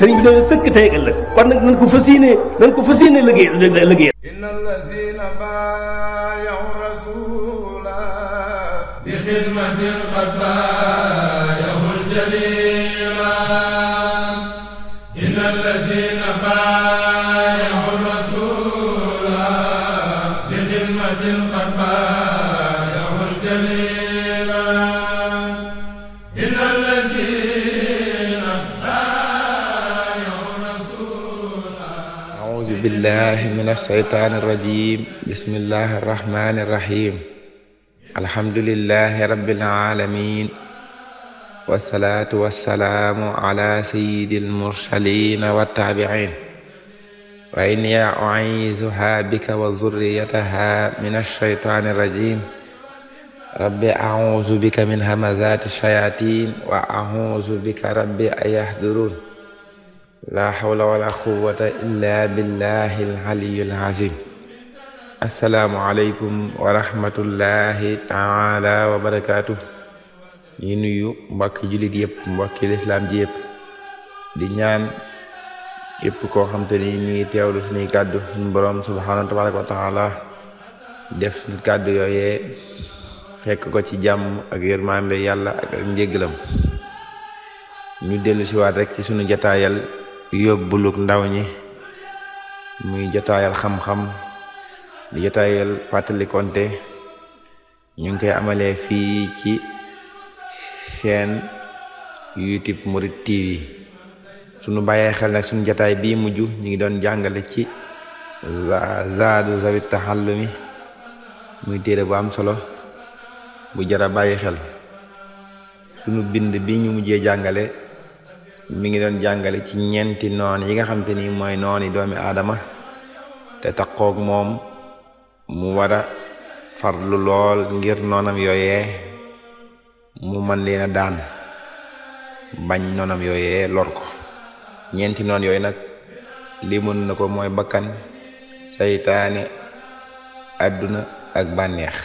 sëriñ bi dañu sëkk tey ëllëg kon nag nañ ko fas yéene nañ ko fas yéene liggéey liggéey inna allazina baayahu rasula bi xidmatin qad baayahu aljalila inna allazina baayahu rasula billahi min alsheytaani irrajim bismillahi arrahmani irrahim alhamdulilahi rabbil alamin wasalaatu wasalaamu ala sayidi almursalina wattaabiin wa inni u'iizuha bika wa zurriyataha min alsheytaani irrajim rabbi a'uuzu bika min hamazaati shayatin wa a'uuzu bika rabbi an yahduruun laa xawla wala quwata illa billahi aliyul azim asalaamualeykum wa rahmatullahi taala wa barakaatu ñu nuyu jullit yëpp mbokki lislaam ji yëpp di ñaan yépp koo xam te ni ñu ngi teewlu suñuy kàddu suñu boroom subhaanahu tabaraka wa taala def suñu kàddu yooyee fekk ko ci jàmm ak yërmande yàlla ak njéggalam ñu dellu si waat rek ci sunu jataayal yóbbuluk ndaw ñi muy jotaayal xam-xam di jotaayal fàttalikonte ñu ngi koy amalee fii ci chaîne YouTube Murid TV sunu bàyyee xel nag sunu jotaay bii mujj ñu ngi doon jàngale ci zaadu zawit taxallumi muy téere bu am solo bu jara bàyyi xel sunu bind bi ñu mujjee jàngale mi ngi doon jàngale ci ñeenti noon yi nga xam te ni mooy nooni doomi aadama te taqoog moom mu war a farlu lool ngir noonam yooyee mu man leen daan bañ noonam yooyee lor ñeenti noon yooyu nag limun na ko mooy bakkan seytaane àdduna ak bànneex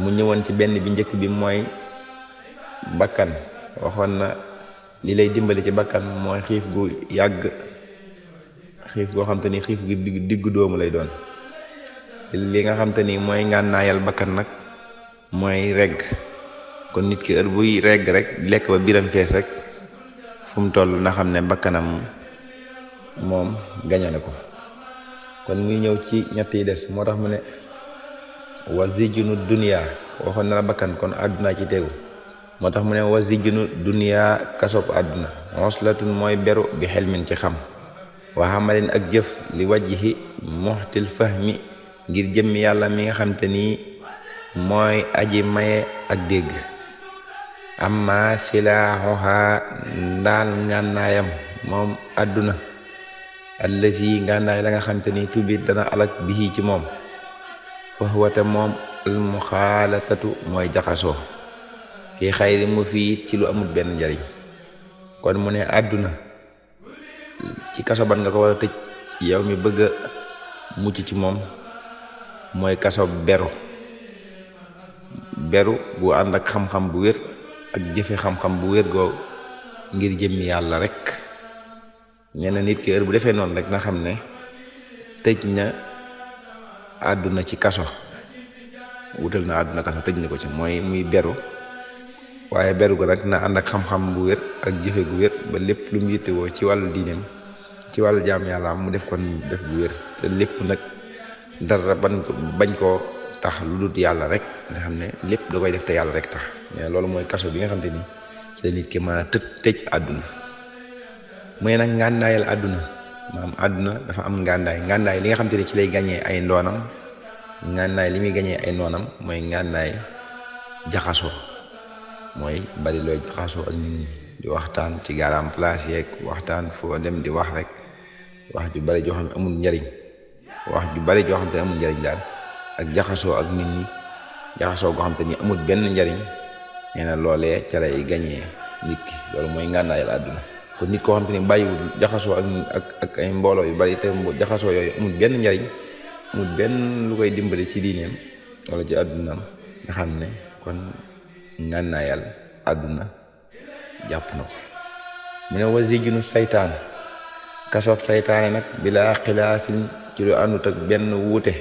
mu ñëwoon ci benn bi njëkk bi mooy bakkan waxoon na lii lay dimbali ci bakkan mooy xiif gu yàgg xiif goo xam te ni xiif gu diggu doomu lay doon lii nga xam te ni mooy ngànnaayal bakkan nag mooy regg kon nit ki heure buy regg rek lekk ba biram fees rek fu mu toll na xam ne bakkanam moom gañale ko kon muy ñëw ci ñett yi des moo tax mu ne wa zijunu dunya waxoon na la bakkan kon àdduna ci tegu moo tax mu ne wa zijnu kaso kasob àdduna xoslatun mooy beru bi xelmin ci xam wa xamalin ak jëf li wajhi muxtil fahmi ngir jëmmi yàlla mi nga xam ni mooy aji maye ak dégg amma silaaxuha ndaal ngànnaayam moom àdduna allasi ngànnaay la nga xam ni tubit dana alak bihi ci moom faxwate moom almuxaalatatu mooy jaxasoo fii xayri mu fii ci lu amul benn njariñ kon mu ne àdduna ci kaso ban nga ko war a tëj yow mi bëgg mucc ci moom mooy kaso beru beru bu ànd ak xam-xam bu wér ak jëfe xam-xam bu wér goo ngir jëmmi yàlla rek ñenn nit ki heure bu defee noonu rek na xam ne tëj na àdduna ci kaso wutal na àdduna kaso tëj na ko ci mooy muy beru waaye beru ko nag na ànd ak xam-xam bu wér ak jëfe gu wér ba lépp lu mu yittewoo ci wàllu diineem ci wàllu jaam yàlla mu def kon def gu wér te lépp nag dara ban bañ koo tax lu dut yàlla rek nga xam ne lépp da koy def te yàlla rek tax mais loolu mooy kaso bi nga xam te nii ci la nit ki mën a tëj tëj àdduna mooy nag ngàndaayal àdduna maanaam àdduna dafa am ngàndaay ngàndaay li nga xam te ni ci lay gañee ay ndoonam ngànnaay li muy gañee ay ndoonam mooy ngànnaay jaxasoo mooy bari looy jaxasoo ak nit ñi di waxtaan ci garam place yeeg waxtaan foo dem di wax rek wax ju bari joo xam ne amul njariñ wax ju bari joo xam njariñ daal ak jaxasoo ak nit ñi jaxasoo goo xam te ni amul benn njariñ nee na loolee ca loolu mooy ngànnaayal kon nit koo xam ni bàyyiwul jaxasoo ak ak ak ay mbooloo yu bari jaxasoo yooyu amul benn njariñ benn lu koy dimbali ci diineem wala ci àddunaam nga ne kon ngànnaayal àdduna jàpp na ko mu ne wa zijinu saytaan nag bilaa xilaafin ci lu benn wuute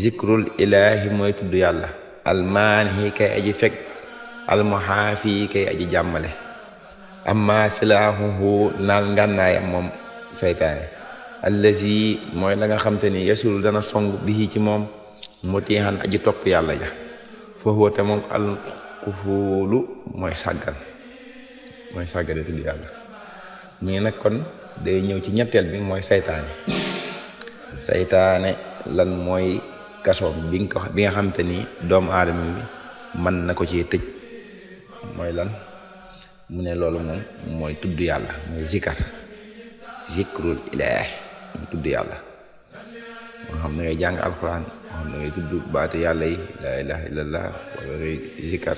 zikrul ilaahi mooy tudd yàlla almaanihi kay aji fekk almuhaafi kay aji jàmmale amma silaahuhu naal ngànnaayam moom saytaane allazi mooy la nga xam te dana song bihi ci moom mutihan aji topp yàlla ja foofu te moom ufuulu mooy sàggan mooy sàggane tudd yàlla mu ngi nag kon day ñëw ci ñetteel bi mooy saytaane saytaane lan mooy kasoom bi nga bi nga xam ni doomu aadama bi mën na ko ci tëj mooy lan mu ne loolu moom mooy tudd yàlla mooy zikar zikrul ilaah mooy tudd yàlla moo xam ne ngay jàng alxuraan moom da ngay tudd baatu yàlla yi laa ilaha illallah wala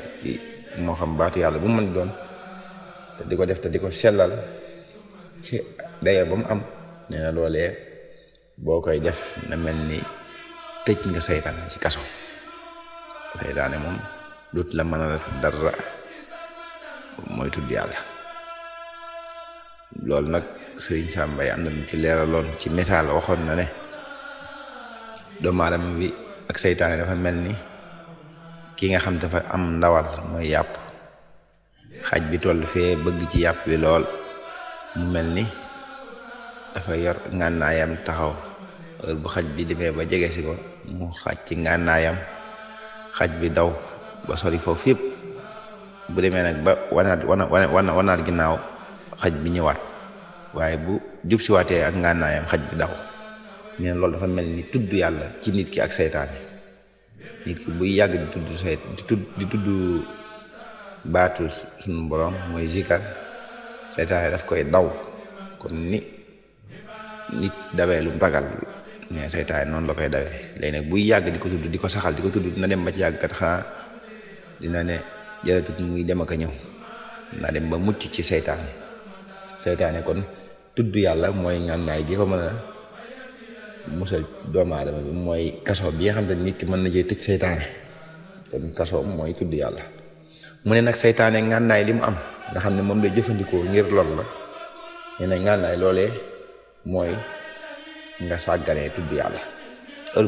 moo xam baatu yàlla bu mën doon te di ko def te di ko sellal ci daye ba mu am nee na loolee boo koy def na mel ni tëj nga saytaane ci kaso saytaane moom dut la mën a def dara mooy tudd yàlla loolu nag sëriñ Samba yi am na lu ci leeraloon ci misaal waxoon na ne doomu aadama bi ak seytaane dafa mel ni ki nga xam dafa am ndawal mooy yàpp xaj bi toll fee bëgg ci yàpp wi lool mu mel ni dafa yor ngànnaayam taxaw heure bu xaj bi demee ba jege si ko mu xaj ci ngànnaayam xaj bi daw ba sori foofu yëpp bu demee nag ba wanaat wana wanaat ginnaaw xaj bi ñëwaat waaye bu jub siwaatee ak ngànnaayam xaj bi daw nee na loolu dafa mel ni tudd yàlla ci nit ki ak seytaane nit ki buy yàgg di tudd say tudd di tudd baatu suñu borom mooy zikar seytaane daf koy daw comme ni nit dawee lu ragal mais seytaane noonu la koy dawee léegi nag buy yàgg di ko tudd di ko saxal di ko tudd dina dem ba ci yàgg kat xanaa dina ne jaratut muy dem ak a ñëw dina dem ba mucc ci seytaane seytaane kon tudd yàlla mooy ngànnaay gi ko mën a musal doomu aadama bi mooy kaso bi nga xam ne nit ki mën na jee tëj seytaane kon kaso mooy tudd yàlla mu ne nag seytaane ngànnaay li mu am nga xam ne moom lay jëfandikoo ngir lor la nee na ngànnaay loolee mooy nga sàgganee tudd yàlla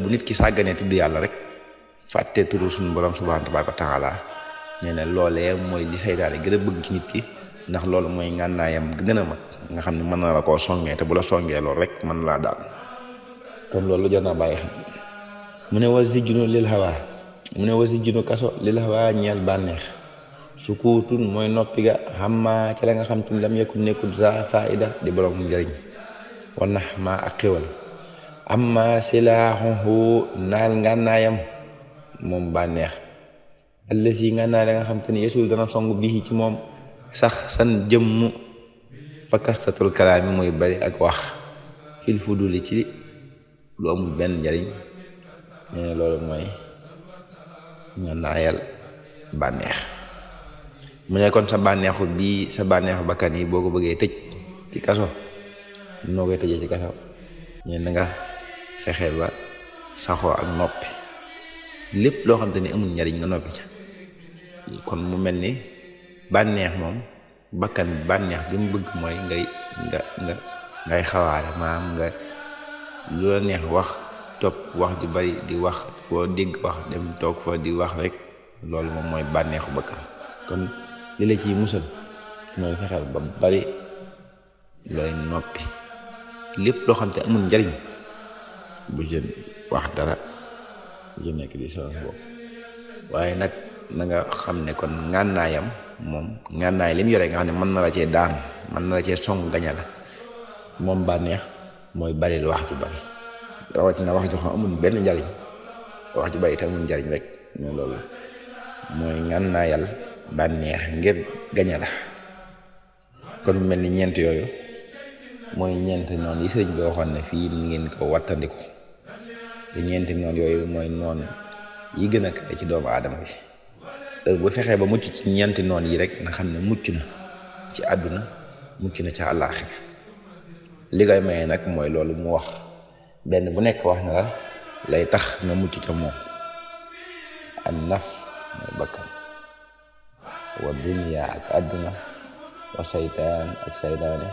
bu nit ki sàgganee tudd yàlla rek fàtte turu suñu borom subhaanahu tabaaraka wa taala nee na loolee mooy li seytaane gën a bëgg ndax loolu mooy ngànnaayam gën a mag nga xam ne mën na la koo songee te bu la songee loolu rek mën laa daal kon loolu jar naa bàyyi xel mu ne wasi junu lil xawaa mu ne wasi junu kaso lil xawaa ñeel bànneex sukuutun mooy noppi ga xammaa ca la nga xam te ne lam yëkkul nekkul za faida di borom njëriñ war na xamaa ak xéwal amma moom bànneex àll si nga xam te ne ci moom sax san jëmm fa kastatul kalaami mooy bari ak wax fil dul ci lu amul benn njariñ nee na loolu mooy nga naayal bànneex mu ne kon sa bànneexu bii sa bànneexu bakkan yi boo ko bëggee tëj ci kaso noo koy tëjee ci kaso nga fexe ba saxoo ak noppi lépp loo xam te ni amul njariñ nga noppi ca kon mu mel ni bànneex moom bakkan bànneex bi mu bëgg mooy ngay nga nga ngay xawaare maanaam nga lu la neex wax topp wax ju bari di wax foo dégg wax dem toog fa di wax rek loolu moom mooy bànneexu bakkan kon li la ciy musal mooy fexeel ba bari looy noppi lépp loo xam te amul njariñ bu jën wax dara bu jën nekk di sonal bopp waaye nag na nga xam ne kon ngànnaayam moom ngànnaay li mu yore nga xam ne mën na la cee daan mën na la cee song gaña la moom bànneex mooy balil wax ju bari wax ju xam benn njariñ wax ju bari te amul njariñ rek ne loolu mooy ngan naa yàlla bànneex ngir gañe la kon mel ni ñeent yooyu mooy ñeent noon yi sëriñ bi waxoon ne fii ni ngeen ko wattandiku te ñeenti noonu yooyu mooy noon yi gën a kaay ci doomu aadama bi heure bu fexee ba mucc ci ñeenti noon yi rek na xam ne mucc na ci àdduna mucc na ca àllaaxira li koy maye nag mooy loolu mu wax benn bu nekk wax na la lay tax nga mucc ca moom an naf mooy bakkan wa dunia ak àdduna wa saytaan ak saytaane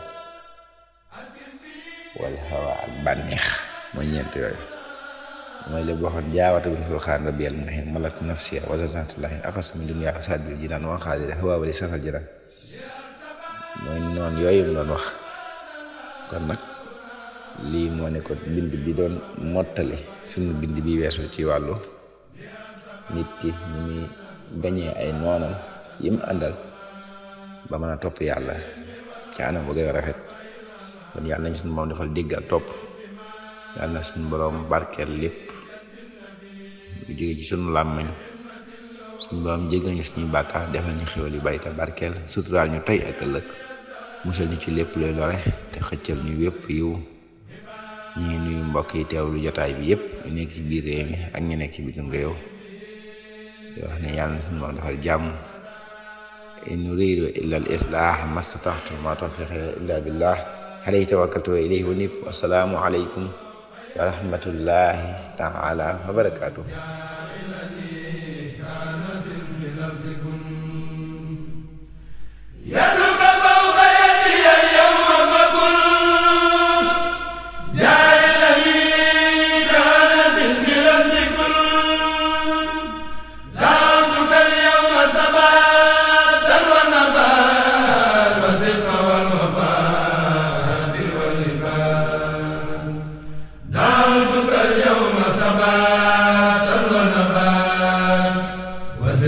wal hawa ak bànneex mooy ñeent yooyu mooy li waxoon jaawata bi fulxaan rabiyal muhin malat nafsiya dunia fasadil jinaan wa xaadira yooyu mu doon wax kon nag lii moo nekkoon bind bi doon mottali suñu bind bi weesu ci wàllu nit ki ñu muy bañee ay noonam yim àndal ba mën a topp yàlla ca anam bu gën a rafet kon yàlla nañ suñu moom defal dégg ak topp yàlla na suñu boroom barkeel lépp lu jóge ci suñu làmmiñ suñu boroom jéggal ñu suñuy bàkkaar def nañu xéwal yu bari te barkeel suturaal ñu tey ak ëllëg musal ñu ci lépp looy lore te xëccal ñu wépp yiw ñu ngi nuyu mbokk yi teewlu jotaay bi yépp ñu nekk ci biir réew mi ak ñu nekk ci bitum réew yoo xam ne yàlla na suñu moom defal jàmm in uriidu illa al islaah mastataxtu ma tawfiqi illa billah alayhi tawakkaltu wa ilayhi unib wasalaamu alaykum wa rahmatullahi taala wa barakatuh